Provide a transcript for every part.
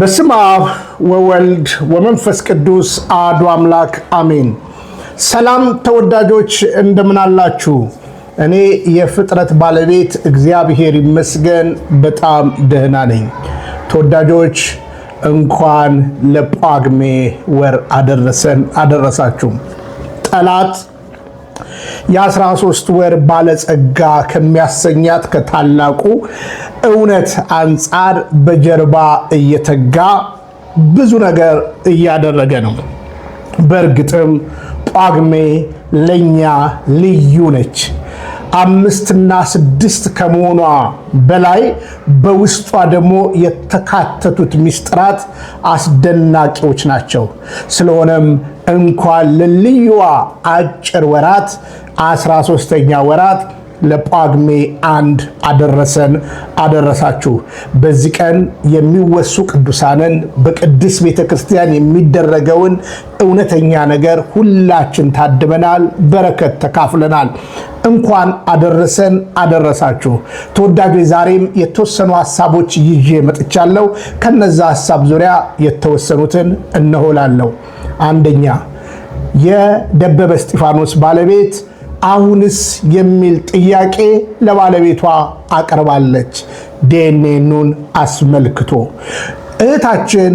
በስም አብ ወወልድ ወመንፈስ ቅዱስ አሐዱ አምላክ አሜን። ሰላም ተወዳጆች እንደምን አላችሁ? እኔ የፍጥረት ባለቤት እግዚአብሔር ይመስገን በጣም ደህና ነኝ። ተወዳጆች እንኳን ለጳጉሜ ወር አደረሰን አደረሳችሁ። ጠላት የ13 ወር ባለጸጋ ከሚያሰኛት ከታላቁ እውነት አንጻር በጀርባ እየተጋ ብዙ ነገር እያደረገ ነው። በእርግጥም ጳጉሜ ለእኛ ልዩ ነች። አምስትና ስድስት ከመሆኗ በላይ በውስጧ ደግሞ የተካተቱት ሚስጥራት አስደናቂዎች ናቸው። ስለሆነም እንኳን ለልዩዋ አጭር ወራት አስራ ሦስተኛ ወራት ለጳግሜ አንድ አደረሰን አደረሳችሁ። በዚህ ቀን የሚወሱ ቅዱሳንን በቅድስት ቤተ ክርስቲያን የሚደረገውን እውነተኛ ነገር ሁላችን ታድመናል፣ በረከት ተካፍለናል። እንኳን አደረሰን አደረሳችሁ። ተወዳጆች፣ ዛሬም የተወሰኑ ሀሳቦች ይዤ መጥቻለሁ። ከነዛ ሀሳብ ዙሪያ የተወሰኑትን እነሆላለሁ። አንደኛ የደበበ እስጢፋኖስ ባለቤት አሁንስ የሚል ጥያቄ ለባለቤቷ አቀርባለች። ዴኔኑን አስመልክቶ እህታችን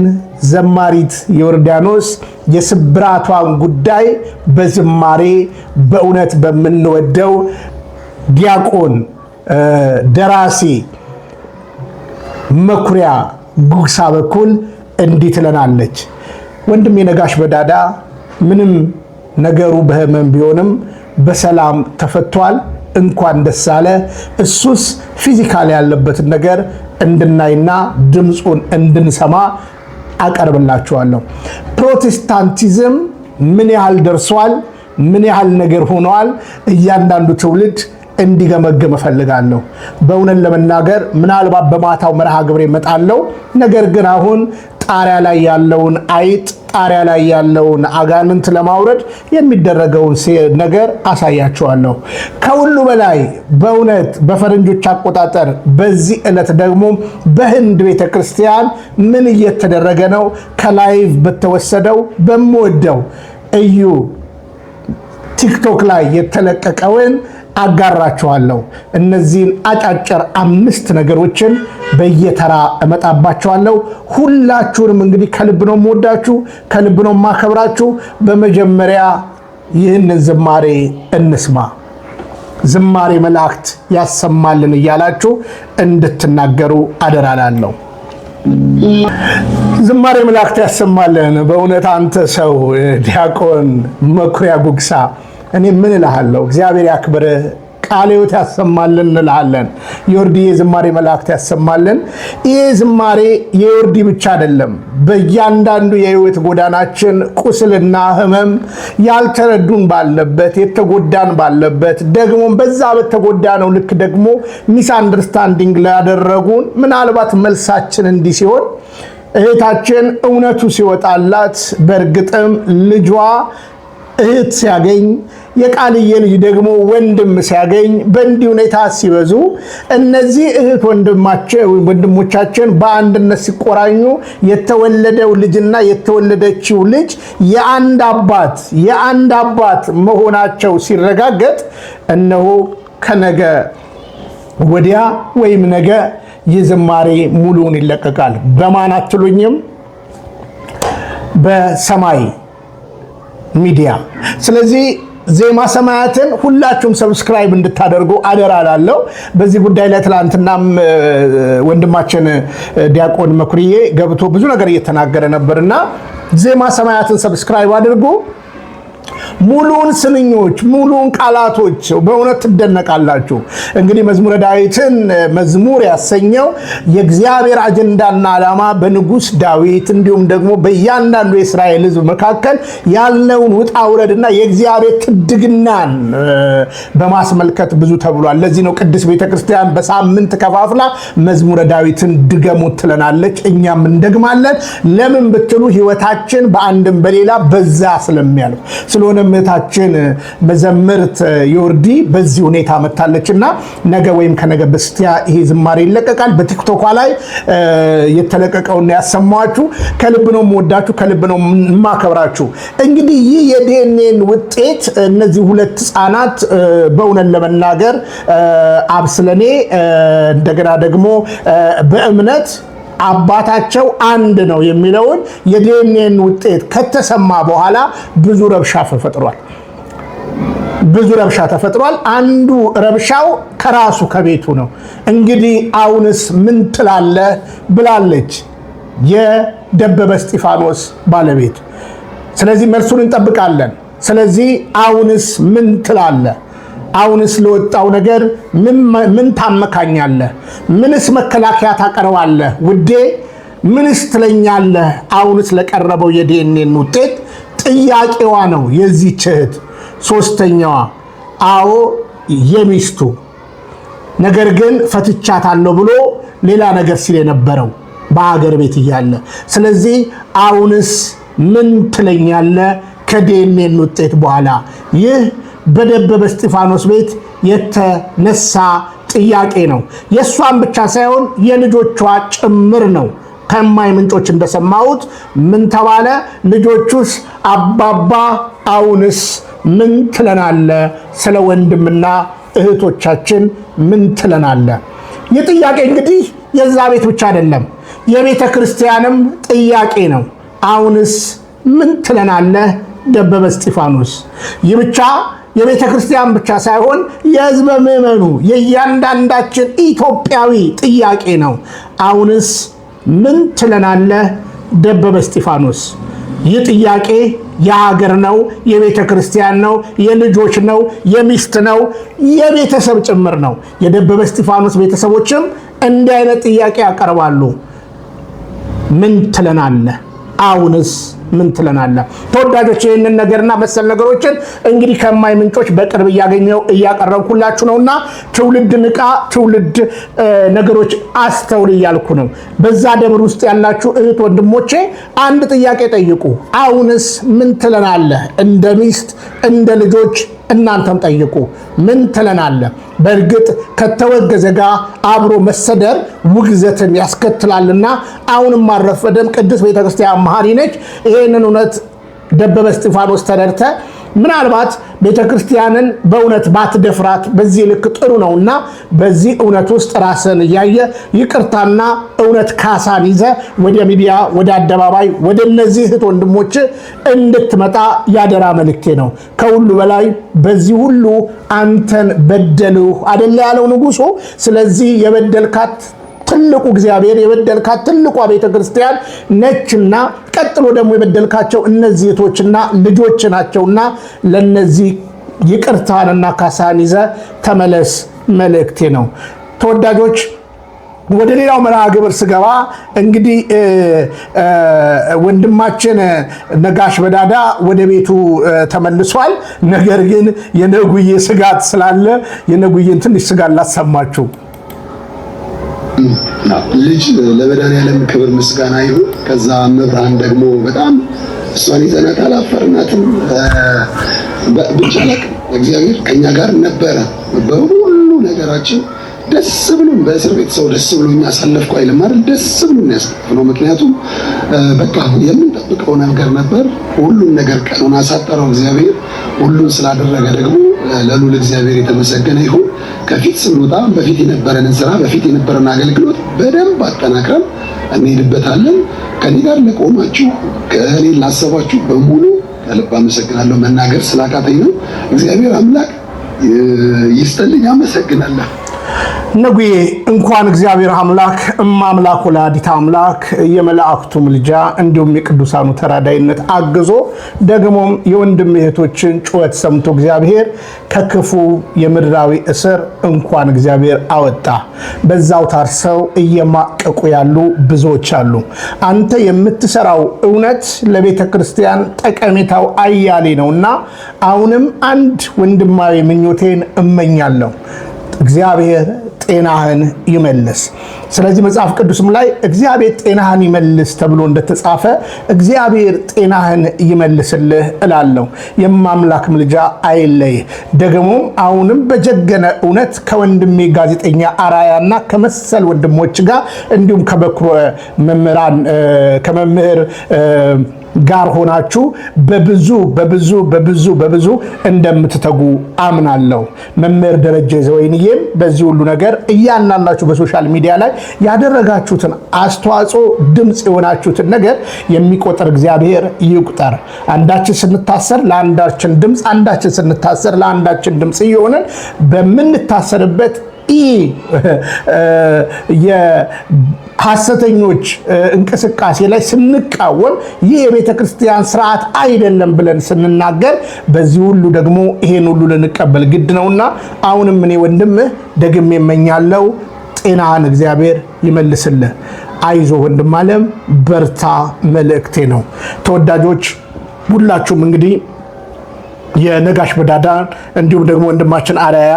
ዘማሪት ዮርዳኖስ የስብራቷን ጉዳይ በዝማሬ በእውነት በምንወደው ዲያቆን ደራሲ መኩሪያ ጉግሳ በኩል እንዲህ ትለናለች። ወንድም የነጋሽ በዳዳ ምንም ነገሩ በህመም ቢሆንም በሰላም ተፈቷል። እንኳን ደስ አለ። እሱስ ፊዚካል ያለበትን ነገር እንድናይና ድምፁን እንድንሰማ አቀርብላችኋለሁ። ፕሮቴስታንቲዝም ምን ያህል ደርሷል? ምን ያህል ነገር ሆኗል እያንዳንዱ ትውልድ እንዲገመግም እፈልጋለሁ። በእውነት ለመናገር ምናልባት በማታው መርሃ ግብር እመጣለሁ። ነገር ግን አሁን ጣሪያ ላይ ያለውን አይጥ ጣሪያ ላይ ያለውን አጋንንት ለማውረድ የሚደረገውን ነገር አሳያችኋለሁ። ከሁሉ በላይ በእውነት በፈረንጆች አቆጣጠር በዚህ ዕለት ደግሞ በህንድ ቤተ ክርስቲያን ምን እየተደረገ ነው? ከላይቭ በተወሰደው በምወደው እዩ ቲክቶክ ላይ የተለቀቀውን አጋራችኋለሁ። እነዚህን አጫጭር አምስት ነገሮችን በየተራ እመጣባችኋለሁ። ሁላችሁንም እንግዲህ ከልብ ነው የምወዳችሁ፣ ከልብ ነው የማከብራችሁ። በመጀመሪያ ይህንን ዝማሬ እንስማ። ዝማሬ መላእክት ያሰማልን እያላችሁ እንድትናገሩ አደራላለሁ። ዝማሬ መላእክት ያሰማልን። በእውነት አንተ ሰው ዲያቆን መኩሪያ ጉግሳ እኔ ምን እልሃለሁ? እግዚአብሔር ያክብርህ። ቃሌዎት ያሰማልን እንልሃለን። የወርዲ የዝማሬ መላእክት ያሰማልን። ይህ ዝማሬ የወርዲ ብቻ አይደለም። በእያንዳንዱ የህይወት ጎዳናችን ቁስልና ህመም ያልተረዱን ባለበት፣ የተጎዳን ባለበት ደግሞ በዛ በተጎዳ ነው ልክ ደግሞ ሚስ አንደርስታንዲንግ ላደረጉን ምናልባት መልሳችን እንዲህ ሲሆን እህታችን እውነቱ ሲወጣላት በእርግጥም ልጇ እህት ሲያገኝ የቃልዬ ልጅ ደግሞ ወንድም ሲያገኝ በእንዲህ ሁኔታ ሲበዙ እነዚህ እህት ወንድሞቻችን በአንድነት ሲቆራኙ የተወለደው ልጅና የተወለደችው ልጅ የአንድ አባት የአንድ አባት መሆናቸው ሲረጋገጥ እነሆ ከነገ ወዲያ ወይም ነገ ዝማሬ ሙሉውን ይለቀቃል። በማን አትሉኝም? በሰማይ ሚዲያ። ስለዚህ ዜማ ሰማያትን ሁላችሁም ሰብስክራይብ እንድታደርጉ አደራ ላለው። በዚህ ጉዳይ ላይ ትናንትናም ወንድማችን ዲያቆን መኩርዬ ገብቶ ብዙ ነገር እየተናገረ ነበርና ዜማ ሰማያትን ሰብስክራይብ አድርጉ። ሙሉን ስንኞች፣ ሙሉን ቃላቶች በእውነት ትደነቃላችሁ። እንግዲህ መዝሙረ ዳዊትን መዝሙር ያሰኘው የእግዚአብሔር አጀንዳና ዓላማ በንጉስ ዳዊት እንዲሁም ደግሞ በእያንዳንዱ የእስራኤል ሕዝብ መካከል ያለውን ውጣ ውረድና የእግዚአብሔር ትድግናን በማስመልከት ብዙ ተብሏል። ለዚህ ነው ቅድስት ቤተክርስቲያን በሳምንት ከፋፍላ መዝሙረ ዳዊትን ድገሙት ትለናለች። እኛም እንደግማለን። ለምን ብትሉ ሕይወታችን በአንድም በሌላ በዛ ስለሚያልፍ ስለሆነ እህታችን መዘምርት ዮርዲ በዚህ ሁኔታ መታለች እና ነገ ወይም ከነገ በስቲያ ይሄ ዝማሬ ይለቀቃል። በቲክቶኳ ላይ የተለቀቀውን ያሰማችሁ። ከልብ ነው የምወዳችሁ፣ ከልብ ነው የማከብራችሁ። እንግዲህ ይህ የዲኤንኤን ውጤት እነዚህ ሁለት ህፃናት በእውነት ለመናገር አብስለኔ እንደገና ደግሞ በእምነት አባታቸው አንድ ነው የሚለውን የዲኤንኤን ውጤት ከተሰማ በኋላ ብዙ ረብሻ ተፈጥሯል። ብዙ ረብሻ ተፈጥሯል። አንዱ ረብሻው ከራሱ ከቤቱ ነው። እንግዲህ አሁንስ ምን ትላለህ ብላለች የደበበ እስጢፋኖስ ባለቤት። ስለዚህ መልሱን እንጠብቃለን። ስለዚህ አሁንስ ምን ትላለህ? አሁንስ ለወጣው ነገር ምን ታመካኛለህ? ምንስ መከላከያ ታቀርባለህ? ውዴ ምንስ ትለኛለህ? አሁንስ ለቀረበው የዲኤንኤን ውጤት ጥያቄዋ ነው የዚህ እህት። ሶስተኛዋ አዎ የሚስቱ ነገር ግን ፈትቻታለሁ ብሎ ሌላ ነገር ሲል የነበረው በሀገር ቤት እያለ ስለዚህ አሁንስ ምን ትለኛለህ ከዲኤንኤን ውጤት በኋላ ይህ በደበበ እስጢፋኖስ ቤት የተነሳ ጥያቄ ነው። የእሷን ብቻ ሳይሆን የልጆቿ ጭምር ነው። ከማይ ምንጮች እንደሰማሁት ምን ተባለ? ልጆቹስ አባባ አሁንስ ምን ትለናለ? ስለ ወንድምና እህቶቻችን ምን ትለናለ? ይህ ጥያቄ እንግዲህ የዛ ቤት ብቻ አይደለም፣ የቤተ ክርስቲያንም ጥያቄ ነው። አሁንስ ምን ትለናለህ ደበበ እስጢፋኖስ። ይህ ብቻ የቤተ ክርስቲያን ብቻ ሳይሆን የህዝበ ምዕመኑ የእያንዳንዳችን ኢትዮጵያዊ ጥያቄ ነው። አሁንስ ምን ትለናለህ ደበበ እስጢፋኖስ? ይህ ጥያቄ የሀገር ነው፣ የቤተ ክርስቲያን ነው፣ የልጆች ነው፣ የሚስት ነው፣ የቤተሰብ ጭምር ነው። የደበበ እስጢፋኖስ ቤተሰቦችም እንዲህ አይነት ጥያቄ ያቀርባሉ። ምን ትለናለህ? አሁንስ ምን ትለናለ? ተወዳጆች ይህንን ነገርና መሰል ነገሮችን እንግዲህ ከማይ ምንጮች በቅርብ እያገኘው እያቀረብኩላችሁ ነውና ትውልድ ንቃ፣ ትውልድ ነገሮች አስተውል እያልኩ ነው። በዛ ደብር ውስጥ ያላችሁ እህት ወንድሞቼ አንድ ጥያቄ ጠይቁ። አሁንስ ምን ትለናለ? እንደ ሚስት እንደ ልጆች እናንተም ጠይቁ። ምን ትለናለ? በእርግጥ ከተወገዘ ጋር አብሮ መሰደር ውግዘትን ያስከትላልና አሁንም አልረፈደም። ቅድስት ቤተክርስቲያን መሀሪ ነች። ይህንን እውነት ደበበ እስጢፋኖስ ተረድተ ምናልባት ቤተ ክርስቲያንን በእውነት ባትደፍራት በዚህ ልክ ጥሩ ነውና በዚህ እውነት ውስጥ ራስን እያየ ይቅርታና እውነት ካሳን ይዘ ወደ ሚዲያ፣ ወደ አደባባይ፣ ወደ እነዚህ እህት ወንድሞች እንድትመጣ ያደራ መልክቴ ነው። ከሁሉ በላይ በዚህ ሁሉ አንተን በደልሁ አደለ ያለው ንጉሱ። ስለዚህ የበደልካት ትልቁ እግዚአብሔር የበደልካት ትልቋ ቤተ ክርስቲያን ነችና ቀጥሎ ደግሞ የበደልካቸው እነዚህ እህቶችና ልጆች ናቸውና ለነዚህ ይቅርታንና ካሳን ይዘ ተመለስ መልእክቴ ነው። ተወዳጆች ወደ ሌላው መርሃ ግብር ስገባ እንግዲህ ወንድማችን ነጋሽ በዳዳ ወደ ቤቱ ተመልሷል። ነገር ግን የነጉዬ ስጋት ስላለ የነጉዬን ትንሽ ስጋት ላሰማችሁ። ልጅ ለመድኃኒዓለም ክብር ምስጋና ይሁን። ከዛ መብርሃን ደግሞ በጣም እሷን ይዘናት አላፈርናትም። ብቻ ለቅ እግዚአብሔር ከኛ ጋር ነበረ በሁሉ ነገራችን ደስ ብሎን በእስር ቤት ሰው ደስ ብሎ ያሳለፍኩ አይልም አይደል? ደስ ብሎን ነው። ምክንያቱም በቃ የምንጠብቀው ነገር ነበር። ሁሉን ነገር ቀኑን አሳጠረው እግዚአብሔር። ሁሉን ስላደረገ ደግሞ ለሉል እግዚአብሔር የተመሰገነ ይሁን። ከፊት ስንወጣ በፊት የነበረንን ስራ በፊት የነበረን አገልግሎት በደንብ አጠናክረን እንሄድበታለን። ከኔ ጋር ለቆማችሁ ከእኔ ላሰባችሁ በሙሉ ከልብ አመሰግናለሁ። መናገር ስላቃተኝ ነው። እግዚአብሔር አምላክ ይስጥልኝ። አመሰግናለሁ። ነጉዬ እንኳን እግዚአብሔር አምላክ እማምላክ ወላዲተ አምላክ የመላእክቱ ምልጃ እንዲሁም የቅዱሳኑ ተራዳይነት አግዞ ደግሞም የወንድም እህቶችን ጩኸት ሰምቶ እግዚአብሔር ከክፉ የምድራዊ እስር እንኳን እግዚአብሔር አወጣ። በዛው ታርሰው እየማቀቁ ያሉ ብዙዎች አሉ። አንተ የምትሰራው እውነት ለቤተ ክርስቲያን ጠቀሜታው አያሌ ነው እና አሁንም አንድ ወንድማዊ ምኞቴን እመኛለሁ እግዚአብሔር ጤናህን ይመልስ። ስለዚህ መጽሐፍ ቅዱስም ላይ እግዚአብሔር ጤናህን ይመልስ ተብሎ እንደተጻፈ እግዚአብሔር ጤናህን ይመልስልህ እላለሁ። የማምላክ ምልጃ አይለይ። ደግሞም አሁንም በጀገነ እውነት ከወንድሜ ጋዜጠኛ አራያና ከመሰል ወንድሞች ጋር እንዲሁም ከበኩረ መምህራን ከመምህር ጋር ሆናችሁ በብዙ በብዙ በብዙ በብዙ እንደምትተጉ አምናለሁ። መምህር ደረጀ ዘወይንዬም በዚህ ሁሉ ነገር እያንዳንዳችሁ በሶሻል ሚዲያ ላይ ያደረጋችሁትን አስተዋጽኦ ድምፅ የሆናችሁትን ነገር የሚቆጥር እግዚአብሔር ይቁጠር። አንዳችን ስንታሰር ለአንዳችን ድምፅ፣ አንዳችን ስንታሰር ለአንዳችን ድምፅ እየሆንን በምንታሰርበት ሐሰተኞች እንቅስቃሴ ላይ ስንቃወም ይህ የቤተ ክርስቲያን ስርዓት አይደለም ብለን ስንናገር በዚህ ሁሉ ደግሞ ይሄን ሁሉ ልንቀበል ግድ ነውና አሁንም እኔ ወንድምህ ደግሜ የመኛለው ጤናን እግዚአብሔር ይመልስልህ። አይዞ ወንድም አለም በርታ፣ መልእክቴ ነው። ተወዳጆች ሁላችሁም እንግዲህ የነጋሽ በዳዳን እንዲሁም ደግሞ ወንድማችን አርያ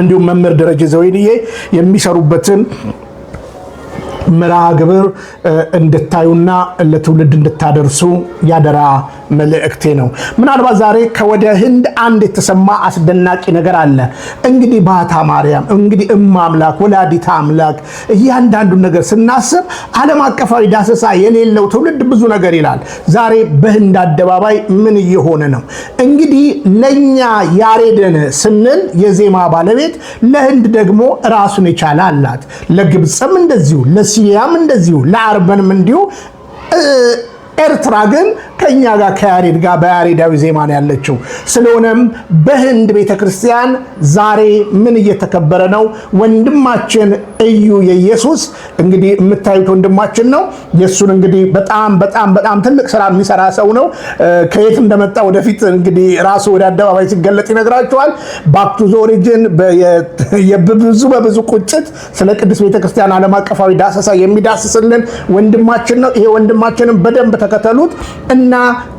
እንዲሁም መምህር ደረጀ ዘወይንዬ የሚሰሩበትን መርሃ ግብር እንድታዩና ለትውልድ እንድታደርሱ ያደራ መልእክቴ ነው። ምናልባት ዛሬ ከወደ ህንድ አንድ የተሰማ አስደናቂ ነገር አለ። እንግዲህ ባታ ማርያም እንግዲህ እማ አምላክ ወላዲታ አምላክ እያንዳንዱን ነገር ስናስብ ዓለም አቀፋዊ ዳሰሳ የሌለው ትውልድ ብዙ ነገር ይላል። ዛሬ በህንድ አደባባይ ምን እየሆነ ነው? እንግዲህ ለእኛ ያሬደን ስንል የዜማ ባለቤት ለህንድ ደግሞ ራሱን የቻለ አላት። ለግብፅም እንደዚሁ ለሲሪያም እንደዚሁ ለአርበንም እንዲሁ ኤርትራ ግን ከእኛ ጋር ከያሬድ ጋር በያሬዳዊ ነው ያለችው ስለሆነም በህንድ ቤተ ክርስቲያን ዛሬ ምን እየተከበረ ነው? ወንድማችን እዩ የኢየሱስ እንግዲህ የምታዩት ወንድማችን ነው። የእሱን እንግዲህ በጣም በጣም በጣም ትልቅ ስራ የሚሰራ ሰው ነው። ከየት እንደመጣ ወደፊት እንግዲህ ራሱ ወደ አደባባይ ሲገለጥ ይነግራቸዋል። ባፕቱዞ ኦሪጅን ብዙ በብዙ ቁጭት ስለ ቅዱስ ቤተክርስቲያን ዓለም አቀፋዊ ዳሰሳ የሚዳስስልን ወንድማችን ነው። ይሄ ወንድማችንም በደንብ ተከተሉት እና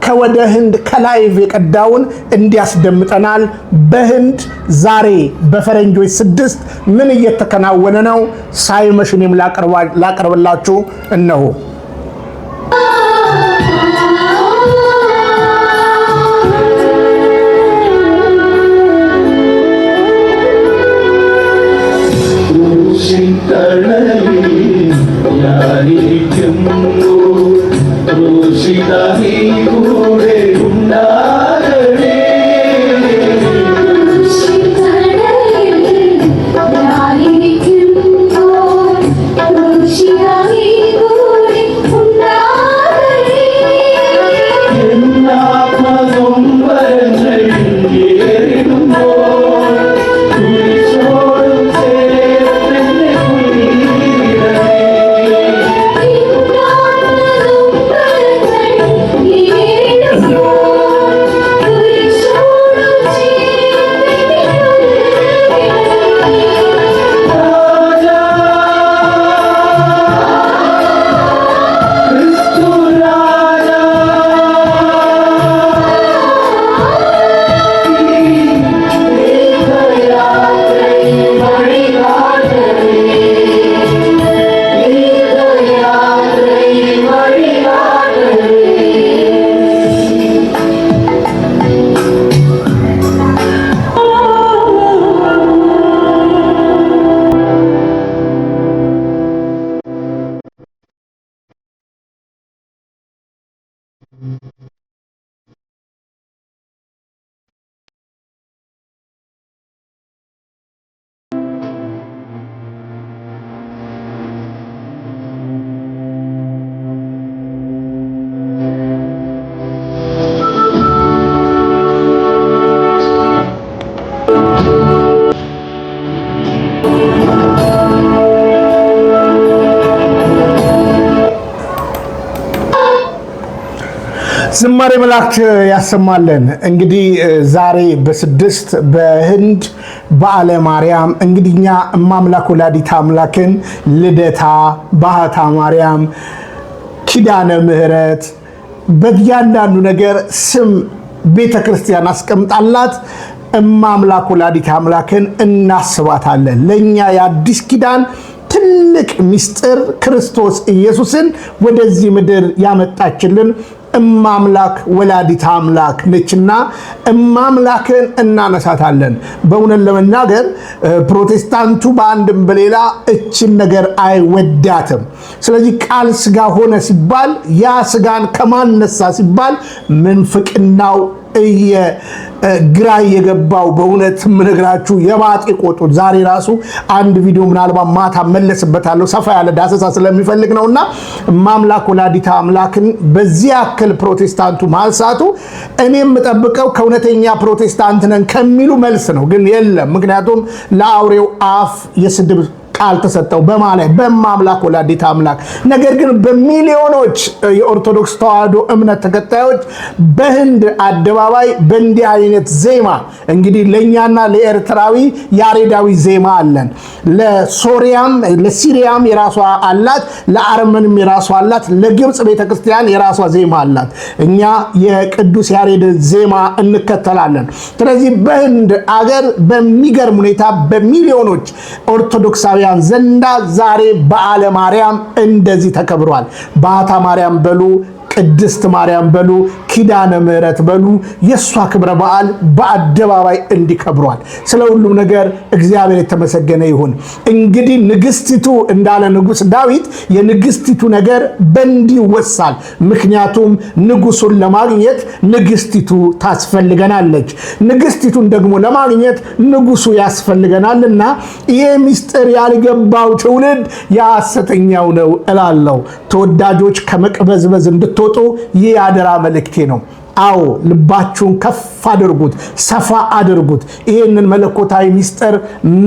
ከወደ ህንድ ከላይቭ የቀዳውን እንዲያስደምጠናል። በህንድ ዛሬ በፈረንጆች ስድስት ምን እየተከናወነ ነው? ሳይመሽ እኔም ላቀርብላችሁ እነሆ። ും ዝማሬ መላእክት ያሰማለን። እንግዲህ ዛሬ በስድስት በህንድ በዓለ ማርያም እንግዲህ እኛ እማምላክ አምላክን ልደታ፣ ባህታ ማርያም፣ ኪዳነ ምሕረት በእያንዳንዱ ነገር ስም ቤተ ክርስቲያን አስቀምጣላት እማምላክ ወላዲታ አምላክን እናስባታለን። ለእኛ የአዲስ ኪዳን ትልቅ ምስጢር ክርስቶስ ኢየሱስን ወደዚህ ምድር ያመጣችልን እማምላክ ወላዲት አምላክ ነችና እማምላክን እናነሳታለን። በእውነት ለመናገር ፕሮቴስታንቱ በአንድም በሌላ እችን ነገር አይወዳትም። ስለዚህ ቃል ስጋ ሆነ ሲባል ያ ስጋን ከማነሳ ሲባል ምንፍቅናው እየ ግራ እየገባው በእውነት ምነግራችሁ የባጤ ቆጡን ዛሬ ራሱ አንድ ቪዲዮ ምናልባት ማታ መለስበታለሁ ሰፋ ያለ ዳሰሳ ስለሚፈልግ ነው እና ማምላክ ወላዲታ አምላክን በዚህ ያክል ፕሮቴስታንቱ ማንሳቱ እኔ የምጠብቀው ከእውነተኛ ፕሮቴስታንት ነን ከሚሉ መልስ ነው። ግን የለም። ምክንያቱም ለአውሬው አፍ የስድብ ቃል ተሰጠው በማለ በማምላክ ወላዲት አምላክ። ነገር ግን በሚሊዮኖች የኦርቶዶክስ ተዋህዶ እምነት ተከታዮች በህንድ አደባባይ በእንዲህ አይነት ዜማ እንግዲህ ለእኛና ለኤርትራዊ ያሬዳዊ ዜማ አለን፣ ለሶሪያም ለሲሪያም የራሷ አላት፣ ለአርመንም የራሷ አላት፣ ለግብፅ ቤተክርስቲያን የራሷ ዜማ አላት። እኛ የቅዱስ ያሬድ ዜማ እንከተላለን። ስለዚህ በህንድ አገር በሚገርም ሁኔታ በሚሊዮኖች ኦርቶዶክሳውያን በቅዱሳን ዘንዳ ዛሬ በዓለ ማርያም እንደዚህ ተከብሯል። ባታ ማርያም በሉ፣ ቅድስት ማርያም በሉ፣ ኪዳነ ምሕረት በሉ። የእሷ ክብረ በዓል በአደባባይ እንዲከብሯል። ስለ ሁሉም ነገር እግዚአብሔር የተመሰገነ ይሁን። እንግዲህ ንግስቲቱ እንዳለ ንጉስ ዳዊት የንግስቲቱ ነገር በእንዲ ወሳል። ምክንያቱም ንጉሱን ለማግኘት ንግስቲቱ ታስፈልገናለች፣ ንግስቲቱን ደግሞ ለማግኘት ንጉሱ ያስፈልገናልና ይሄ ምስጢር ያልገባው ትውልድ የሐሰተኛው ነው እላለሁ። ተወዳጆች ከመቅበዝበዝ እንድትወጡ ይህ አደራ መልእክቴ ነው። አዎ ልባችሁን ከፍ አድርጉት፣ ሰፋ አድርጉት። ይህንን መለኮታዊ ምስጢር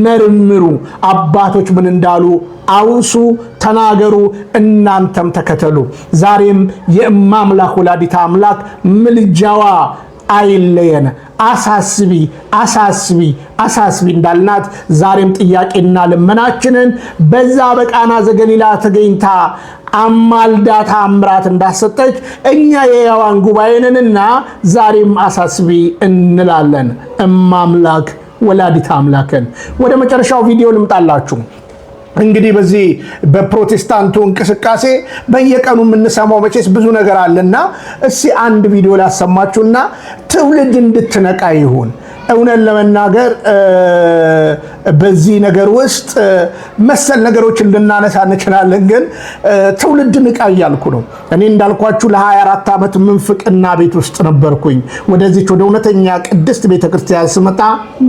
መርምሩ። አባቶች ምን እንዳሉ አውሱ፣ ተናገሩ፣ እናንተም ተከተሉ። ዛሬም የእማምላክ ወላዲታ አምላክ ምልጃዋ አይለየን። አሳስቢ አሳስቢ አሳስቢ እንዳልናት ዛሬም ጥያቄና ልመናችንን በዛ በቃና ዘገሊላ ተገኝታ አማልዳታ ምራት እንዳሰጠች እኛ የሕያዋን ጉባኤንንና ዛሬም አሳስቢ እንላለን። እማምላክ ወላዲት አምላክን ወደ መጨረሻው ቪዲዮ ልምጣላችሁ። እንግዲህ በዚህ በፕሮቴስታንቱ እንቅስቃሴ በየቀኑ የምንሰማው መቼስ ብዙ ነገር አለና እስቲ አንድ ቪዲዮ ላሰማችሁና ትውልድ እንድትነቃ ይሁን። እውነት ለመናገር በዚህ ነገር ውስጥ መሰል ነገሮችን ልናነሳ እንችላለን። ግን ትውልድ ንቃ እያልኩ ነው። እኔ እንዳልኳችሁ ለ24 ዓመት ምንፍቅና ቤት ውስጥ ነበርኩኝ። ወደዚች ወደ እውነተኛ ቅድስት ቤተክርስቲያን ስመጣ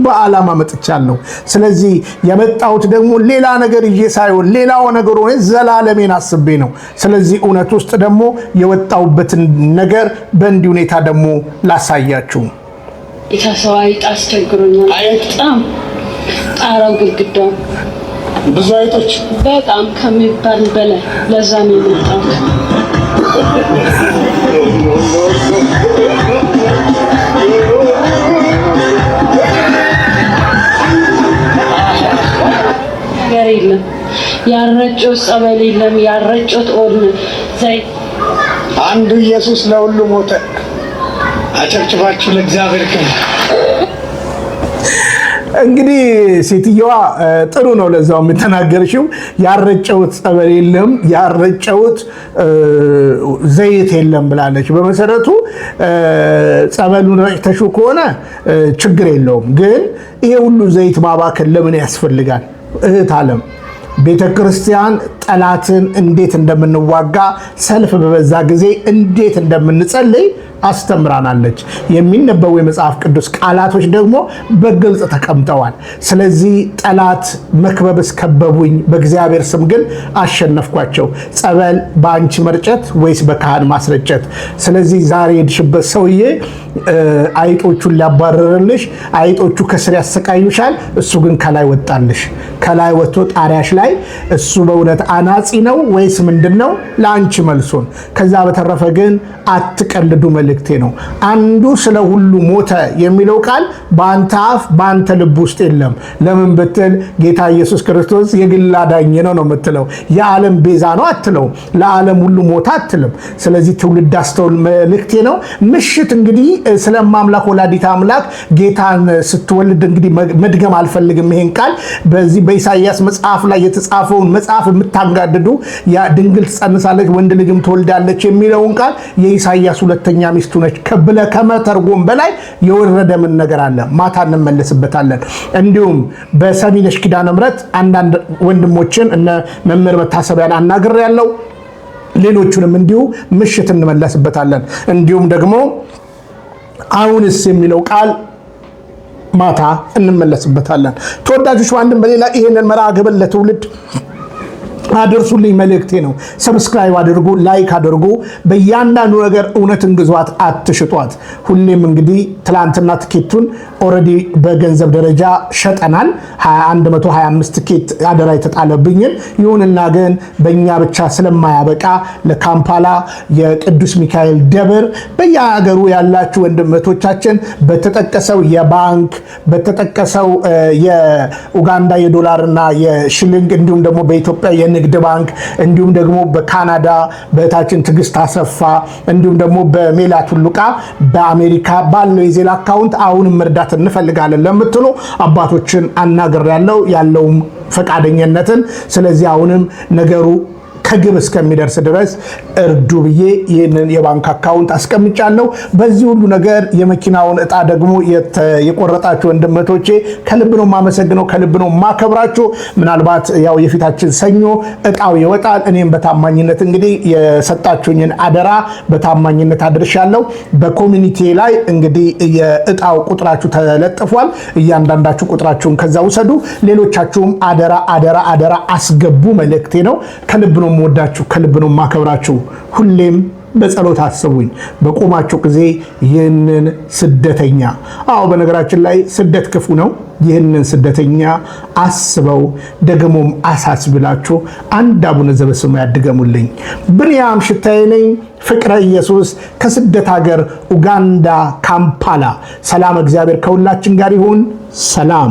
በዓላማ መጥቻለሁ። ስለዚህ የመጣሁት ደግሞ ሌላ ነገር ይዤ ሳይሆን ሌላው ነገር ሆነ ዘላለሜን አስቤ ነው። ስለዚህ እውነት ውስጥ ደግሞ የወጣሁበትን ነገር በእንዲህ ሁኔታ ደግሞ ላሳያችሁ። የታሰዋ አይጥ አስቸግሮኛል በጣም ጣራው፣ ግድግዳው ብዙ አይጦች በጣም ከሚባል በላይ ለዛ ነው የመጣሁት። ነገር የለም ያረጨው ጸበል የለም ያረጨው ኦድነ ዘይ አንዱ ኢየሱስ ለሁሉ ሞተ። አጨብጭባችሁ ለእግዚአብሔር ክብር እንግዲህ ሴትየዋ ጥሩ ነው ለዛው የምተናገርሽው። ያረጨውት ጸበል የለም ያረጨውት ዘይት የለም ብላለች። በመሰረቱ ጸበሉን ረጭተሹ ከሆነ ችግር የለውም። ግን ይሄ ሁሉ ዘይት ማባከል ለምን ያስፈልጋል? እህት አለም ቤተክርስቲያን ጠላትን እንዴት እንደምንዋጋ፣ ሰልፍ በበዛ ጊዜ እንዴት እንደምንጸልይ አስተምራናለች። የሚነበቡ የመጽሐፍ ቅዱስ ቃላቶች ደግሞ በግልጽ ተቀምጠዋል። ስለዚህ ጠላት መክበብ እስከበቡኝ፣ በእግዚአብሔር ስም ግን አሸነፍኳቸው። ጸበል በአንቺ መርጨት ወይስ በካህን ማስረጨት? ስለዚህ ዛሬ የሄድሽበት ሰውዬ አይጦቹን ሊያባረርልሽ፣ አይጦቹ ከስር ያሰቃዩሻል፣ እሱ ግን ከላይ ወጣልሽ። ከላይ ወጥቶ ጣሪያሽ ላይ እሱ በእውነት አናጺ ነው ወይስ ምንድን ነው? ለአንቺ መልሱን። ከዛ በተረፈ ግን አትቀልዱ መልእክቴ ነው። አንዱ ስለ ሁሉ ሞተ የሚለው ቃል በአንተ አፍ በአንተ ልብ ውስጥ የለም። ለምን ብትል ጌታ ኢየሱስ ክርስቶስ የግል አዳኝ ነው ነው የምትለው። የዓለም ቤዛ ነው አትለው። ለዓለም ሁሉ ሞተ አትልም። ስለዚህ ትውልድ አስተውል መልእክቴ ነው። ምሽት እንግዲህ ስለማምላክ ወላዲተ አምላክ ጌታን ስትወልድ እንግዲህ መድገም አልፈልግም። ይሄን ቃል በዚህ በኢሳይያስ መጽሐፍ ላይ የተጻፈውን መጽሐፍ የምታ ሲያጋድዱ ያ ድንግል ትጸንሳለች፣ ወንድ ልጅም ትወልዳለች የሚለውን ቃል የኢሳያስ ሁለተኛ ሚስቱ ነች ከብለ ከመተርጎም በላይ የወረደ ምን ነገር አለ? ማታ እንመለስበታለን። እንዲሁም በሰሚነሽ ኪዳነ ምሕረት አንዳንድ ወንድሞችን እነ መምህር መታሰቢያን አናግር ያለው ሌሎቹንም እንዲሁ ምሽት እንመለስበታለን። እንዲሁም ደግሞ አሁንስ የሚለው ቃል ማታ እንመለስበታለን። ተወዳጆች፣ በአንድም በሌላ ይህንን መርሃ ግብር ለትውልድ አድርሱልኝ መልእክቴ ነው። ሰብስክራይብ አድርጉ፣ ላይክ አድርጉ። በእያንዳንዱ ነገር እውነትን ግዟት፣ አትሽጧት። ሁሌም እንግዲህ ትላንትና ትኬቱን ኦልሬዲ በገንዘብ ደረጃ ሸጠናል። 125 ትኬት አደራ የተጣለብኝን። ይሁንና ግን በእኛ ብቻ ስለማያበቃ ለካምፓላ የቅዱስ ሚካኤል ደብር በየሀገሩ ያላችሁ ወንድመቶቻችን በተጠቀሰው የባንክ በተጠቀሰው የኡጋንዳ የዶላርና የሽልንግ እንዲሁም ደግሞ በኢትዮጵያ ንግድ ባንክ እንዲሁም ደግሞ በካናዳ በእህታችን ትግስት አሰፋ እንዲሁም ደግሞ በሜላት ሁሉቃ በአሜሪካ ባለው የዜል አካውንት አሁንም መርዳት እንፈልጋለን ለምትሉ አባቶችን ያለው ያለውም ፈቃደኝነትን ስለዚህ አሁንም ነገሩ ከግብ እስከሚደርስ ድረስ እርዱ ብዬ ይህንን የባንክ አካውንት አስቀምጫለሁ። በዚህ ሁሉ ነገር የመኪናውን እጣ ደግሞ የቆረጣችሁ ወንድመቶቼ ከልብ ነው የማመሰግነው፣ ከልብ ነው የማከብራችሁ። ምናልባት ያው የፊታችን ሰኞ እጣው ይወጣል። እኔም በታማኝነት እንግዲህ የሰጣችሁኝን አደራ በታማኝነት አድርሻለሁ። በኮሚኒቲ ላይ እንግዲህ የእጣው ቁጥራችሁ ተለጥፏል። እያንዳንዳችሁ ቁጥራችሁን ከዛ ውሰዱ። ሌሎቻችሁም አደራ አደራ አደራ አስገቡ መልእክቴ ነው። ከልብ ነው ወዳችሁ ከልብ ነው ማከብራችሁ። ሁሌም በጸሎት አስቡኝ በቆማችሁ ጊዜ ይህንን ስደተኛ። አዎ በነገራችን ላይ ስደት ክፉ ነው። ይህንን ስደተኛ አስበው ደግሞም አሳስብላችሁ አንድ አቡነ ዘበሰማያት ያድገሙልኝ። ብንያም ሽታዬ ነኝ። ፍቅረ ኢየሱስ ከስደት ሀገር ኡጋንዳ ካምፓላ። ሰላም፣ እግዚአብሔር ከሁላችን ጋር ይሁን። ሰላም